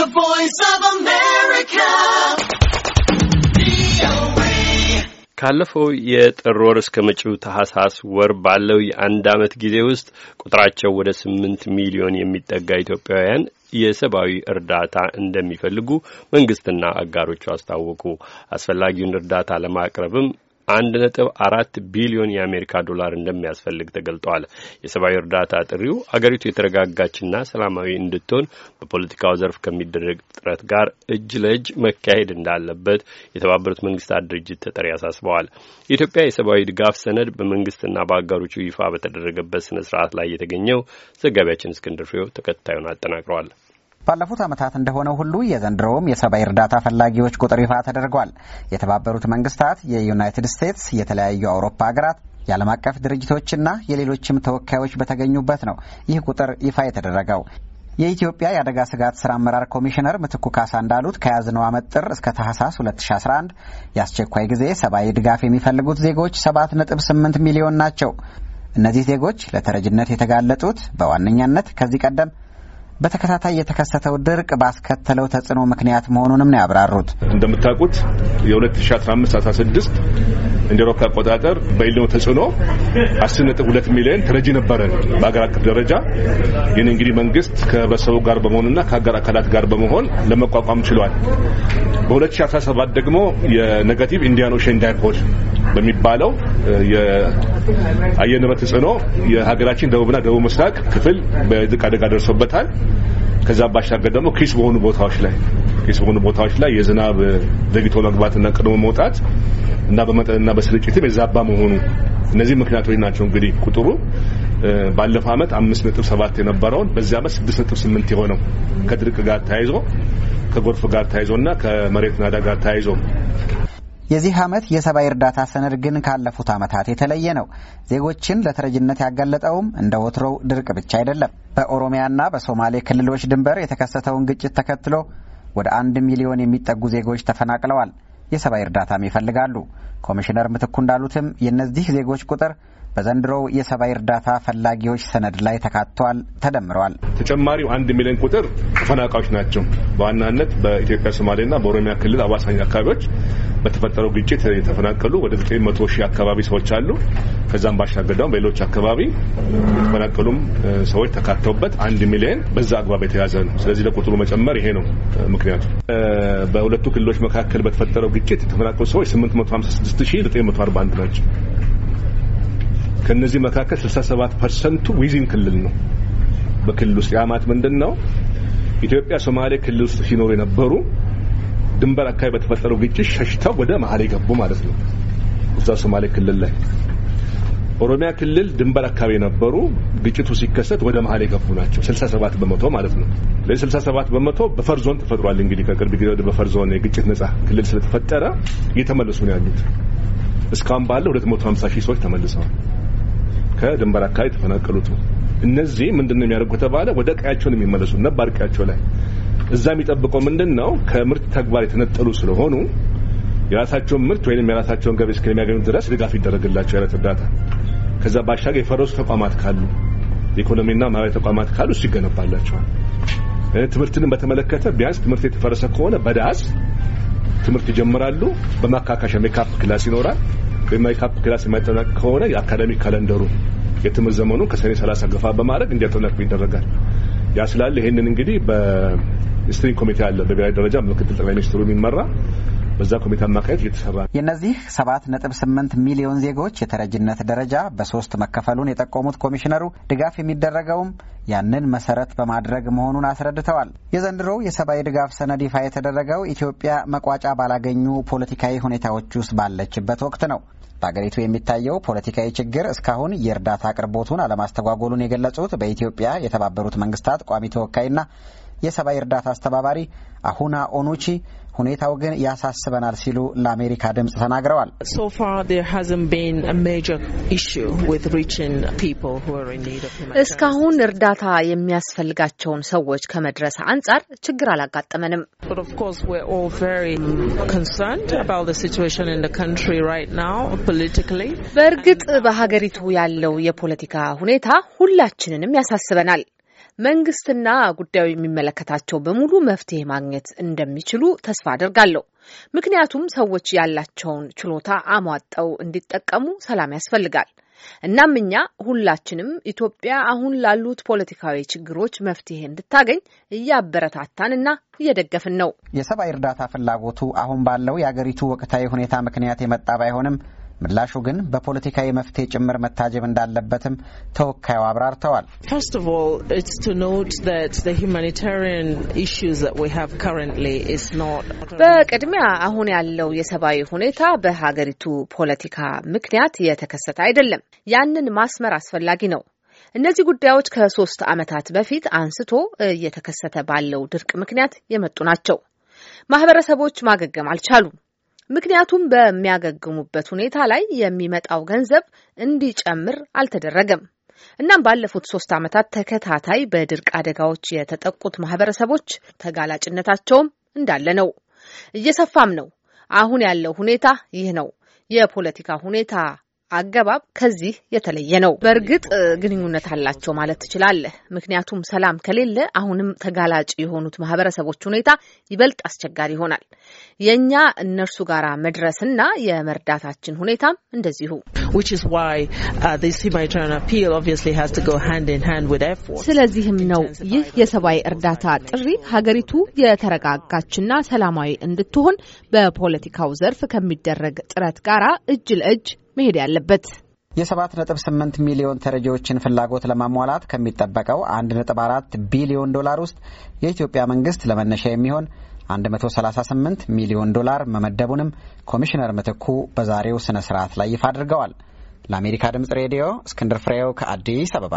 The Voice of America. ካለፈው የጥር ወር እስከ መጪው ታህሳስ ወር ባለው የአንድ ዓመት ጊዜ ውስጥ ቁጥራቸው ወደ ስምንት ሚሊዮን የሚጠጋ ኢትዮጵያውያን የሰብአዊ እርዳታ እንደሚፈልጉ መንግስትና አጋሮቹ አስታወቁ። አስፈላጊውን እርዳታ ለማቅረብም አንድ ነጥብ አራት ቢሊዮን የአሜሪካ ዶላር እንደሚያስፈልግ ተገልጧል። የሰብአዊ እርዳታ ጥሪው አገሪቱ የተረጋጋችና ሰላማዊ እንድትሆን በፖለቲካው ዘርፍ ከሚደረግ ጥረት ጋር እጅ ለእጅ መካሄድ እንዳለበት የተባበሩት መንግስታት ድርጅት ተጠሪ አሳስበዋል። የኢትዮጵያ የሰብአዊ ድጋፍ ሰነድ በመንግስትና በአጋሮቹ ይፋ በተደረገበት ስነ ስርዓት ላይ የተገኘው ዘጋቢያችን እስክንድር ፍሬው ተከታዩን አጠናቅረዋል። ባለፉት ዓመታት እንደሆነው ሁሉ የዘንድሮውም የሰብአዊ እርዳታ ፈላጊዎች ቁጥር ይፋ ተደርጓል። የተባበሩት መንግስታት፣ የዩናይትድ ስቴትስ፣ የተለያዩ አውሮፓ ሀገራት የዓለም አቀፍ ድርጅቶችና የሌሎችም ተወካዮች በተገኙበት ነው ይህ ቁጥር ይፋ የተደረገው። የኢትዮጵያ የአደጋ ስጋት ስራ አመራር ኮሚሽነር ምትኩ ካሳ እንዳሉት ከያዝነው ዓመት ጥር እስከ ታህሳስ 2011 የአስቸኳይ ጊዜ ሰብአዊ ድጋፍ የሚፈልጉት ዜጎች 7.8 ሚሊዮን ናቸው። እነዚህ ዜጎች ለተረጅነት የተጋለጡት በዋነኛነት ከዚህ ቀደም በተከታታይ የተከሰተው ድርቅ ባስከተለው ተጽዕኖ ምክንያት መሆኑንም ነው ያብራሩት። እንደምታውቁት የ2015/16 እንደ አውሮፓ አቆጣጠር በኤልኒኖ ተጽዕኖ 10.2 ሚሊዮን ተረጂ ነበረን በአገር አቀፍ ደረጃ። ይህን እንግዲህ መንግስት ከህብረተሰቡ ጋር በመሆንና ከሀገር አካላት ጋር በመሆን ለመቋቋም ችሏል። በ2017 ደግሞ የኔጋቲቭ ኢንዲያን ኦሽን ዳይፖል በሚባለው የአየር ንብረት ተጽዕኖ የሀገራችን ደቡብና ደቡብ ምስራቅ ክፍል በድርቅ አደጋ ደርሶበታል። ከዛ ባሻገር ደግሞ ኪስ በሆኑ ቦታዎች ላይ ኪስ በሆኑ ቦታዎች ላይ የዝናብ ዘግይቶ መግባትና ቀድሞ መውጣት እና በመጠንና በስርጭትም የዛባ መሆኑ እነዚህ ምክንያቶች ናቸው። እንግዲህ ቁጥሩ ባለፈው ዓመት ሰባት የነበረውን በዚህ ዓመት ስምንት የሆነው ከድርቅ ጋር ተያይዞ ከጎርፍ ጋር ተያይዞና ከመሬት ናዳ ጋር ተያይዞ የዚህ ዓመት የሰብአዊ እርዳታ ሰነድ ግን ካለፉት ዓመታት የተለየ ነው። ዜጎችን ለተረጅነት ያጋለጠውም እንደ ወትሮው ድርቅ ብቻ አይደለም። በኦሮሚያና በሶማሌ ክልሎች ድንበር የተከሰተውን ግጭት ተከትሎ ወደ አንድ ሚሊዮን የሚጠጉ ዜጎች ተፈናቅለዋል። የሰብአዊ እርዳታም ይፈልጋሉ። ኮሚሽነር ምትኩ እንዳሉትም የእነዚህ ዜጎች ቁጥር በዘንድሮው የሰብአዊ እርዳታ ፈላጊዎች ሰነድ ላይ ተካቷል፣ ተደምረዋል። ተጨማሪው አንድ ሚሊዮን ቁጥር ተፈናቃዮች ናቸው። በዋናነት በኢትዮጵያ ሶማሌና በኦሮሚያ ክልል አዋሳኝ አካባቢዎች በተፈጠረው ግጭት የተፈናቀሉ ወደ 900 ሺህ አካባቢ ሰዎች አሉ። ከዛም ባሻገር ደግሞ በሌሎች አካባቢ የተፈናቀሉም ሰዎች ተካተውበት አንድ ሚሊዮን በዛ አግባብ የተያዘ ነው። ስለዚህ ለቁጥሩ መጨመር ይሄ ነው ምክንያቱ። በሁለቱ ክልሎች መካከል በተፈጠረው ግጭት የተፈናቀሉ ሰዎች 856941 ናቸው። ከነዚህ መካከል 67 ፐርሰንቱ ዊዚን ክልል ነው። በክልል ውስጥ ያማት ምንድን ነው? ኢትዮጵያ ሶማሌ ክልል ውስጥ ሲኖሩ የነበሩ ድንበር አካባቢ በተፈጠረው ግጭት ሸሽተው ወደ መሀል የገቡ ማለት ነው። እዛ ሶማሌ ክልል ላይ ኦሮሚያ ክልል ድንበር አካባቢ የነበሩ ግጭቱ ሲከሰት ወደ መሀል የገቡ ናቸው። 67 በመቶ ማለት ነው። ለ67 በመቶ በፈር ዞን ተፈጥሯል። እንግዲህ ከቅርብ ጊዜ ወደ በፈር ዞን የግጭት ነጻ ክልል ስለተፈጠረ እየተመለሱ ነው ያሉት። እስካሁን ባለ 250 ሺህ ሰዎች ተመልሰዋል። ከድንበር አካባቢ የተፈናቀሉት ነው። እነዚህ ምንድነው የሚያደርጉ ከተባለ ወደ ቀያቸው ነው የሚመለሱ ነባር ቀያቸው ላይ እዛ የሚጠብቀው ምንድን ነው? ከምርት ተግባር የተነጠሉ ስለሆኑ የራሳቸውን ምርት ወይም የራሳቸውን ገቢ እስከሚያገኙ ድረስ ድጋፍ ይደረግላቸው ያለት እርዳታ። ከዛ ባሻገር የፈረሱ ተቋማት ካሉ የኢኮኖሚና ማህበራዊ ተቋማት ካሉ እሱ ይገነባላቸዋል። ትምህርትንም በተመለከተ ቢያንስ ትምህርት የተፈረሰ ከሆነ በዳስ ትምህርት ይጀምራሉ። በማካካሻ ሜካፕ ክላስ ይኖራል። በሜካፕ ክላስ የማይጠናቀቅ ከሆነ የአካዳሚክ ካለንደሩ የትምህርት ዘመኑ ከሰኔ 30 ገፋ በማድረግ እንዲያጠናቅቁ ይደረጋል። ያ ስላለ ይህንን እንግዲህ በስትሪንግ ኮሚቴ አለ በብሔራዊ ደረጃ ምክትል ጠቅላይ ሚኒስትሩ የሚመራ በዛ ኮሚቴ አማካኘት እየተሰራ የእነዚህ ሰባት ነጥብ ስምንት ሚሊዮን ዜጎች የተረጅነት ደረጃ በሶስት መከፈሉን የጠቆሙት ኮሚሽነሩ ድጋፍ የሚደረገውም ያንን መሰረት በማድረግ መሆኑን አስረድተዋል። የዘንድሮው የሰብአዊ ድጋፍ ሰነድ ይፋ የተደረገው ኢትዮጵያ መቋጫ ባላገኙ ፖለቲካዊ ሁኔታዎች ውስጥ ባለችበት ወቅት ነው። በአገሪቱ የሚታየው ፖለቲካዊ ችግር እስካሁን የእርዳታ አቅርቦቱን አለማስተጓጎሉን የገለጹት በኢትዮጵያ የተባበሩት መንግስታት ቋሚ ተወካይና የሰብአዊ እርዳታ አስተባባሪ አሁና ኦኑቺ ሁኔታው ግን ያሳስበናል ሲሉ ለአሜሪካ ድምጽ ተናግረዋል። እስካሁን እርዳታ የሚያስፈልጋቸውን ሰዎች ከመድረስ አንጻር ችግር አላጋጠመንም። በእርግጥ በሀገሪቱ ያለው የፖለቲካ ሁኔታ ሁላችንንም ያሳስበናል። መንግስትና ጉዳዩ የሚመለከታቸው በሙሉ መፍትሄ ማግኘት እንደሚችሉ ተስፋ አደርጋለሁ። ምክንያቱም ሰዎች ያላቸውን ችሎታ አሟጠው እንዲጠቀሙ ሰላም ያስፈልጋል። እናም እኛ ሁላችንም ኢትዮጵያ አሁን ላሉት ፖለቲካዊ ችግሮች መፍትሄ እንድታገኝ እያበረታታን እና እየደገፍን ነው። የሰብአዊ እርዳታ ፍላጎቱ አሁን ባለው የአገሪቱ ወቅታዊ ሁኔታ ምክንያት የመጣ ባይሆንም ምላሹ ግን በፖለቲካዊ መፍትሄ ጭምር መታጀብ እንዳለበትም ተወካዩ አብራርተዋል። በቅድሚያ አሁን ያለው የሰብአዊ ሁኔታ በሀገሪቱ ፖለቲካ ምክንያት የተከሰተ አይደለም። ያንን ማስመር አስፈላጊ ነው። እነዚህ ጉዳዮች ከሶስት ዓመታት በፊት አንስቶ እየተከሰተ ባለው ድርቅ ምክንያት የመጡ ናቸው። ማህበረሰቦች ማገገም አልቻሉም። ምክንያቱም በሚያገግሙበት ሁኔታ ላይ የሚመጣው ገንዘብ እንዲጨምር አልተደረገም። እናም ባለፉት ሶስት ዓመታት ተከታታይ በድርቅ አደጋዎች የተጠቁት ማህበረሰቦች ተጋላጭነታቸውም እንዳለ ነው። እየሰፋም ነው። አሁን ያለው ሁኔታ ይህ ነው። የፖለቲካ ሁኔታ አገባብ ከዚህ የተለየ ነው። በእርግጥ ግንኙነት አላቸው ማለት ትችላለህ። ምክንያቱም ሰላም ከሌለ አሁንም ተጋላጭ የሆኑት ማህበረሰቦች ሁኔታ ይበልጥ አስቸጋሪ ይሆናል። የእኛ እነርሱ ጋር መድረስና የመርዳታችን ሁኔታም እንደዚሁ። uh, ስለዚህም ነው ይህ የሰብአዊ እርዳታ ጥሪ ሀገሪቱ የተረጋጋችና ሰላማዊ እንድትሆን በፖለቲካው ዘርፍ ከሚደረግ ጥረት ጋራ እጅ ለእጅ መሄድ ያለበት። የ የ7.8 ሚሊዮን ተረጂዎችን ፍላጎት ለማሟላት ከሚጠበቀው 1.4 ቢሊዮን ዶላር ውስጥ የኢትዮጵያ መንግስት ለመነሻ የሚሆን 138 ሚሊዮን ዶላር መመደቡንም ኮሚሽነር ምትኩ በዛሬው ስነ ስርዓት ላይ ይፋ አድርገዋል። ለአሜሪካ ድምፅ ሬዲዮ እስክንድር ፍሬው ከአዲስ አበባ